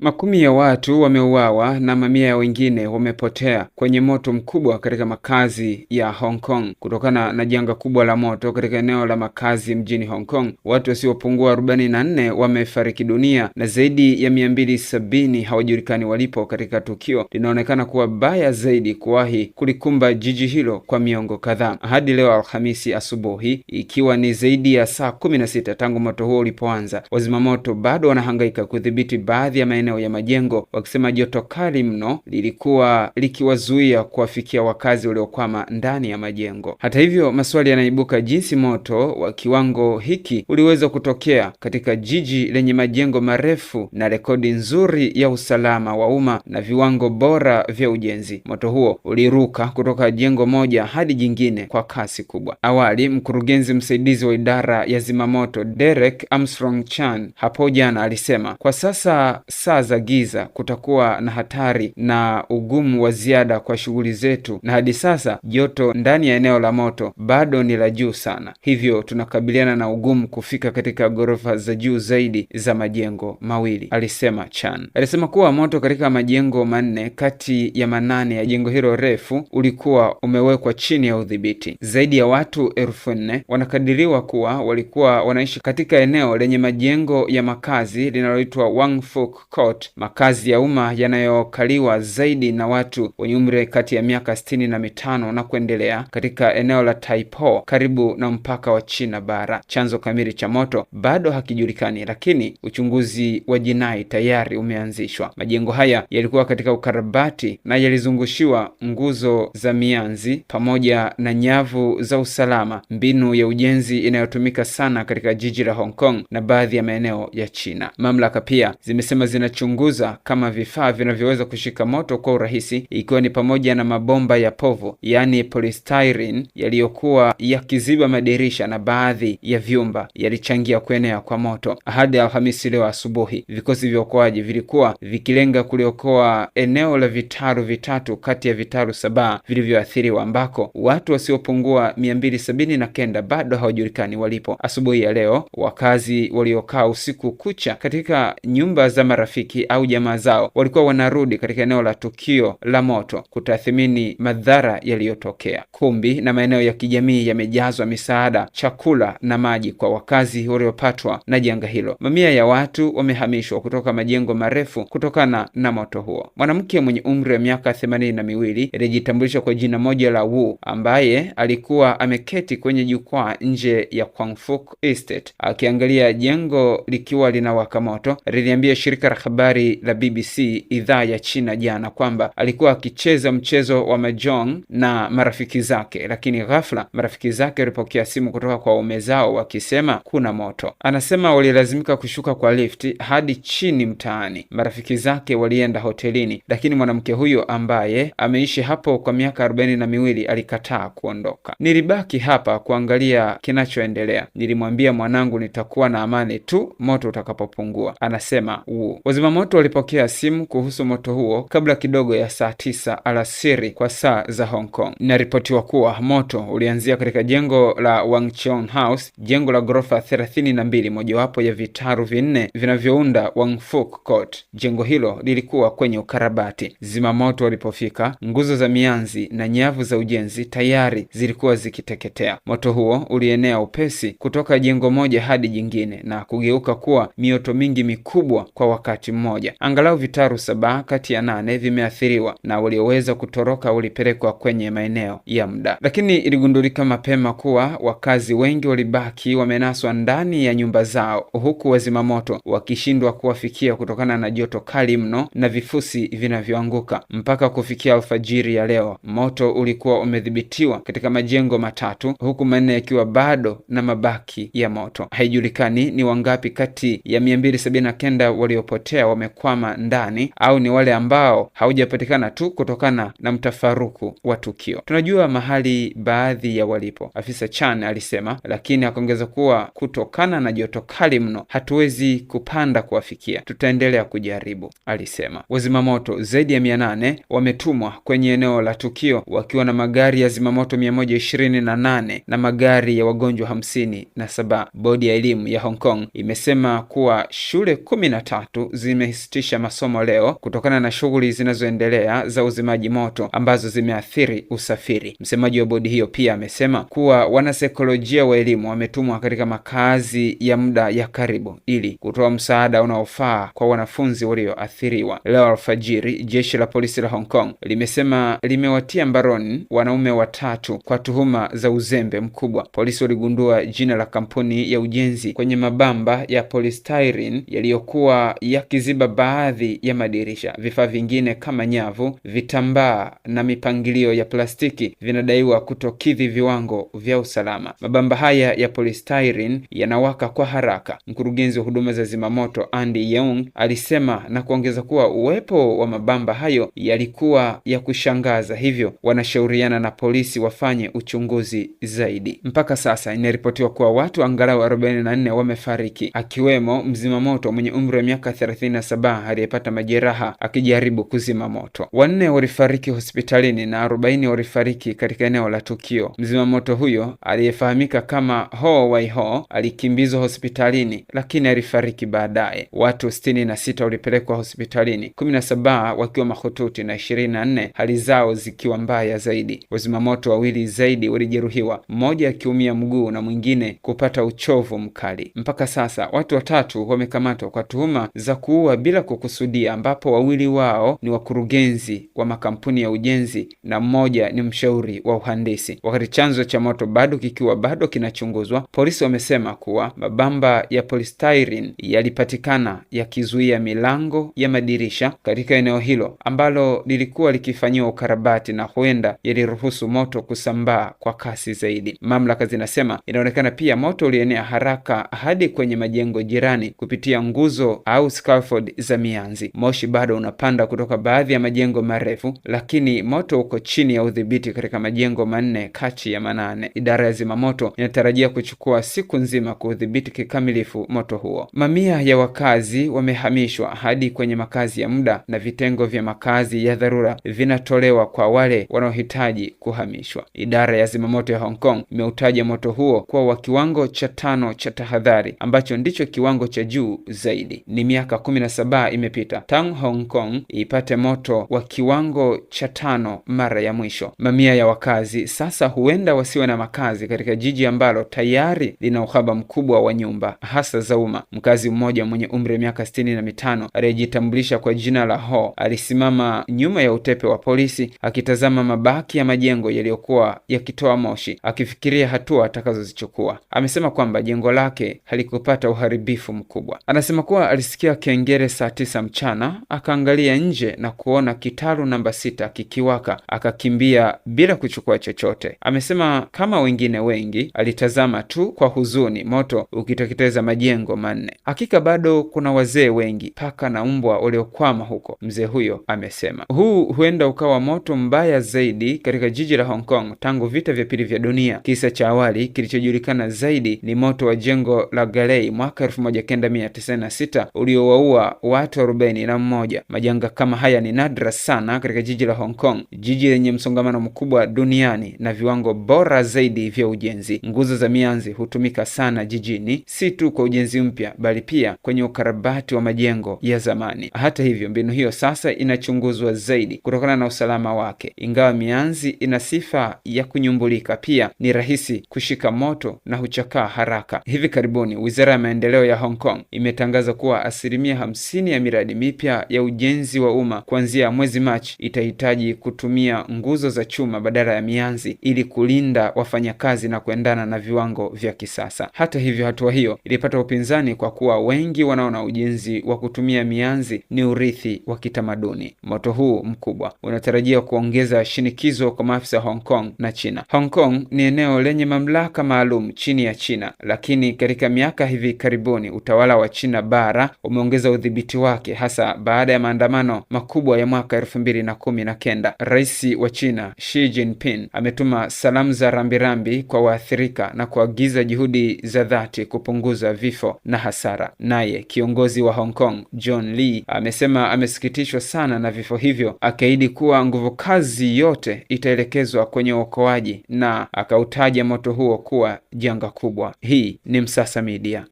Makumi ya watu wameuawa na mamia ya wengine wamepotea kwenye moto mkubwa katika makazi ya Hong Kong kutokana na janga kubwa la moto katika eneo la makazi mjini Hong Kong. Watu wasiopungua 44 wamefariki dunia na zaidi ya 270 hawajulikani walipo katika tukio linaonekana kuwa baya zaidi kuwahi kulikumba jiji hilo kwa miongo kadhaa. Hadi leo Alhamisi asubuhi, ikiwa ni zaidi ya saa 16 tangu moto huo ulipoanza, wazimamoto bado wanahangaika kudhibiti baadhi ya maeneo maeneo ya majengo, wakisema joto kali mno lilikuwa likiwazuia kuwafikia wakazi waliokwama ndani ya majengo. Hata hivyo, maswali yanaibuka jinsi moto wa kiwango hiki uliweza kutokea katika jiji lenye majengo marefu na rekodi nzuri ya usalama wa umma na viwango bora vya ujenzi. Moto huo uliruka kutoka jengo moja hadi jingine kwa kasi kubwa. Awali, mkurugenzi msaidizi wa idara ya zimamoto Derek Armstrong Chan hapo jana alisema kwa sasa saa za giza kutakuwa na hatari na ugumu wa ziada kwa shughuli zetu, na hadi sasa joto ndani ya eneo la moto bado ni la juu sana, hivyo tunakabiliana na ugumu kufika katika ghorofa za juu zaidi za majengo mawili, alisema Chan. Alisema kuwa moto katika majengo manne kati ya manane ya jengo hilo refu ulikuwa umewekwa chini ya udhibiti. Zaidi ya watu elfu nne wanakadiriwa kuwa walikuwa wanaishi katika eneo lenye majengo ya makazi linaloitwa Wangfuk Court Port, makazi ya umma yanayokaliwa zaidi na watu wenye umri kati ya miaka sitini na mitano na kuendelea katika eneo la Taipo karibu na mpaka wa China bara. Chanzo kamili cha moto bado hakijulikani, lakini uchunguzi wa jinai tayari umeanzishwa. Majengo haya yalikuwa katika ukarabati na yalizungushiwa nguzo za mianzi pamoja na nyavu za usalama, mbinu ya ujenzi inayotumika sana katika jiji la Hong Kong na baadhi ya maeneo ya China. Mamlaka pia zimesema zina kuchunguza kama vifaa vinavyoweza kushika moto kwa urahisi, ikiwa ni pamoja na mabomba ya povu, yani polystyrene, yaliyokuwa yakiziba madirisha na baadhi ya vyumba, yalichangia kuenea kwa moto. Hadi Alhamisi leo asubuhi, vikosi vya okoaji vilikuwa vikilenga kuliokoa eneo la vitaru vitatu kati ya vitaru saba vilivyoathiriwa, ambako watu wasiopungua 27 na kenda bado hawajulikani walipo. Asubuhi ya leo wakazi waliokaa usiku kucha katika nyumba za marafiki marafiki au jamaa zao walikuwa wanarudi katika eneo la tukio la moto kutathmini madhara yaliyotokea. Kumbi na maeneo ya kijamii yamejazwa misaada, chakula na maji kwa wakazi waliopatwa na janga hilo. Mamia ya watu wamehamishwa kutoka majengo marefu kutokana na moto huo. Mwanamke mwenye umri wa miaka themanini na miwili aliyejitambulisha kwa jina moja la Wu, ambaye alikuwa ameketi kwenye jukwaa nje ya Kwangfuk Estate akiangalia jengo likiwa linawaka moto, liliambia shirika la habari la BBC idhaa ya China jana kwamba alikuwa akicheza mchezo wa majong na marafiki zake, lakini ghafla marafiki zake walipokea simu kutoka kwa waume zao wakisema kuna moto. Anasema walilazimika kushuka kwa lifti hadi chini mtaani. Marafiki zake walienda hotelini, lakini mwanamke huyo ambaye ameishi hapo kwa miaka arobaini na miwili alikataa kuondoka. Nilibaki hapa kuangalia kinachoendelea, nilimwambia mwanangu nitakuwa na amani tu moto utakapopungua, anasema Wu. Wazimamoto walipokea simu kuhusu moto huo kabla kidogo ya saa tisa alasiri kwa saa za Hong Kong. Inaripotiwa kuwa moto ulianzia katika jengo la Wangchong House, jengo la ghorofa thelathini na mbili, mojawapo ya vitaru vinne vinavyounda Wangfuk Court. Jengo hilo lilikuwa kwenye ukarabati. Zimamoto walipofika, nguzo za mianzi na nyavu za ujenzi tayari zilikuwa zikiteketea. Moto huo ulienea upesi kutoka jengo moja hadi jingine na kugeuka kuwa mioto mingi mikubwa kwa wakati wakati mmoja. Angalau vitaru saba kati ya nane vimeathiriwa na walioweza kutoroka walipelekwa kwenye maeneo ya muda, lakini iligundulika mapema kuwa wakazi wengi walibaki wamenaswa ndani ya nyumba zao, huku wazimamoto wakishindwa kuwafikia kutokana na joto kali mno na vifusi vinavyoanguka. Mpaka kufikia alfajiri ya leo, moto ulikuwa umedhibitiwa katika majengo matatu, huku manne yakiwa bado na mabaki ya moto. Haijulikani ni wangapi kati ya 279 waliopotea kuelekea wamekwama ndani au ni wale ambao haujapatikana tu kutokana na mtafaruku wa tukio. Tunajua mahali baadhi ya walipo, afisa Chan alisema, lakini akaongeza kuwa kutokana na joto kali mno hatuwezi kupanda kuwafikia, tutaendelea kujaribu, alisema. Wazimamoto zaidi ya mia nane wametumwa kwenye eneo la tukio wakiwa na magari ya zimamoto mia moja ishirini na nane na magari ya wagonjwa hamsini na saba. Bodi ya elimu ya Hong Kong imesema kuwa shule kumi na tatu zimesitisha masomo leo kutokana na shughuli zinazoendelea za uzimaji moto ambazo zimeathiri usafiri. Msemaji wa bodi hiyo pia amesema kuwa wanasaikolojia wa elimu wametumwa katika makazi ya muda ya karibu ili kutoa msaada unaofaa kwa wanafunzi walioathiriwa. Leo alfajiri, jeshi la polisi la Hong Kong limesema limewatia mbaroni wanaume watatu kwa tuhuma za uzembe mkubwa. Polisi waligundua jina la kampuni ya ujenzi kwenye mabamba ya polystyrene yaliyokuwa yaki ikiziba baadhi ya madirisha. Vifaa vingine kama nyavu, vitambaa na mipangilio ya plastiki vinadaiwa kutokidhi viwango vya usalama. Mabamba haya ya polystyrene yanawaka kwa haraka. Mkurugenzi wa huduma za zimamoto Andy Yeung alisema na kuongeza kuwa uwepo wa mabamba hayo yalikuwa ya kushangaza, hivyo wanashauriana na polisi wafanye uchunguzi zaidi. Mpaka sasa inaripotiwa kuwa watu angalau 44 wamefariki akiwemo mzimamoto mwenye umri wa miaka saba aliyepata majeraha akijaribu kuzima moto. Wanne walifariki hospitalini na 40 walifariki katika eneo la tukio. Mzima moto huyo aliyefahamika kama Ho Wai Ho alikimbizwa hospitalini lakini alifariki baadaye. Watu 66 walipelekwa hospitalini, 17 wakiwa mahututi na 24 hali zao zikiwa mbaya zaidi. Wazimamoto wawili zaidi walijeruhiwa, mmoja akiumia mguu na mwingine kupata uchovu mkali. Mpaka sasa watu watatu wamekamatwa kwa tuhuma za ku kuua bila kukusudia, ambapo wawili wao ni wakurugenzi wa makampuni ya ujenzi na mmoja ni mshauri wa uhandisi. Wakati chanzo cha moto bado kikiwa bado kinachunguzwa, polisi wamesema kuwa mabamba ya polystyrene yalipatikana yakizuia milango ya madirisha katika eneo hilo ambalo lilikuwa likifanyiwa ukarabati na huenda yaliruhusu moto kusambaa kwa kasi zaidi. Mamlaka zinasema inaonekana pia moto ulienea haraka hadi kwenye majengo jirani kupitia nguzo au Crawford za mianzi. Moshi bado unapanda kutoka baadhi ya majengo marefu, lakini moto uko chini ya udhibiti katika majengo manne kati ya manane. Idara ya zimamoto inatarajia kuchukua siku nzima kuudhibiti kikamilifu moto huo. Mamia ya wakazi wamehamishwa hadi kwenye makazi ya muda na vitengo vya makazi ya dharura vinatolewa kwa wale wanaohitaji kuhamishwa. Idara ya zimamoto ya Hong Kong imeutaja moto huo kuwa wa kiwango cha tano cha tahadhari ambacho ndicho kiwango cha juu zaidi. Ni miaka 17 imepita tangu Hong Kong ipate moto wa kiwango cha tano mara ya mwisho. Mamia ya wakazi sasa huenda wasiwe na makazi katika jiji ambalo tayari lina uhaba mkubwa wa nyumba hasa za umma. Mkazi mmoja mwenye umri wa miaka sitini na mitano aliyejitambulisha kwa jina la Ho alisimama nyuma ya utepe wa polisi akitazama mabaki ya majengo yaliyokuwa yakitoa moshi akifikiria hatua atakazozichukua. Amesema kwamba jengo lake halikupata uharibifu mkubwa. Anasema kuwa alisikia Ken kengere saa tisa mchana, akaangalia nje na kuona kitalu namba sita kikiwaka, akakimbia bila kuchukua chochote. Amesema kama wengine wengi alitazama tu kwa huzuni moto ukiteketeza majengo manne. Hakika bado kuna wazee wengi, paka na mbwa waliokwama huko, mzee huyo amesema. Huu huenda ukawa moto mbaya zaidi katika jiji la Hong Kong tangu vita vya pili vya dunia. Kisa cha awali kilichojulikana zaidi ni moto wa jengo la Galei mwaka 1996 uliowaua kuua watu arobaini na mmoja. Majanga kama haya ni nadra sana katika jiji la Hong Kong, jiji lenye msongamano mkubwa duniani na viwango bora zaidi vya ujenzi. Nguzo za mianzi hutumika sana jijini, si tu kwa ujenzi mpya, bali pia kwenye ukarabati wa majengo ya zamani. Hata hivyo, mbinu hiyo sasa inachunguzwa zaidi kutokana na usalama wake. Ingawa mianzi ina sifa ya kunyumbulika, pia ni rahisi kushika moto na huchakaa haraka. Hivi karibuni, Wizara ya Maendeleo ya Hong Kong imetangaza kuwa asilimia hamsini ya miradi mipya ya ujenzi wa umma kuanzia mwezi Machi itahitaji kutumia nguzo za chuma badala ya mianzi ili kulinda wafanyakazi na kuendana na viwango vya kisasa. Hata hivyo, hatua hiyo ilipata upinzani kwa kuwa wengi wanaona ujenzi wa kutumia mianzi ni urithi wa kitamaduni. Moto huu mkubwa unatarajia kuongeza shinikizo kwa maafisa Hong Kong na China. Hong Kong ni eneo lenye mamlaka maalum chini ya China, lakini katika miaka hivi karibuni utawala wa China bara umeongeza udhibiti wake hasa baada ya maandamano makubwa ya mwaka elfu mbili na kumi na kenda. Rais wa China Xi Jinping ametuma salamu za rambirambi kwa waathirika na kuagiza juhudi za dhati kupunguza vifo na hasara. Naye kiongozi wa Hong Kong John Lee amesema amesikitishwa sana na vifo hivyo, akiahidi kuwa nguvu kazi yote itaelekezwa kwenye uokoaji na akautaja moto huo kuwa janga kubwa. Hii ni Msasa Media.